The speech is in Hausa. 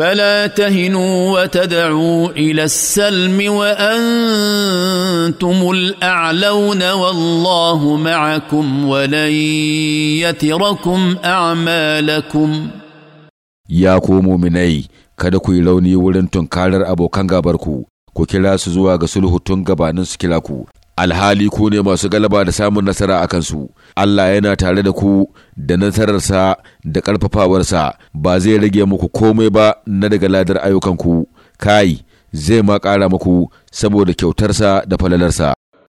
فلا تهنوا وتدعوا الى السلم وانتم الاعلون والله معكم ولن يتركم اعمالكم يا قوموا مني kada ku yi rauni wurin tunkarar abokan gabarku ku kira su zuwa ga sulhu tun gabanin su kila ku alhali ku ne masu galaba da samun nasara a kansu Allah yana tare da ku da nasararsa da ƙarfafawarsa ba zai rage muku komai ba na daga ladar ayyukanku kai zai ma ƙara muku saboda kyautarsa da falalarsa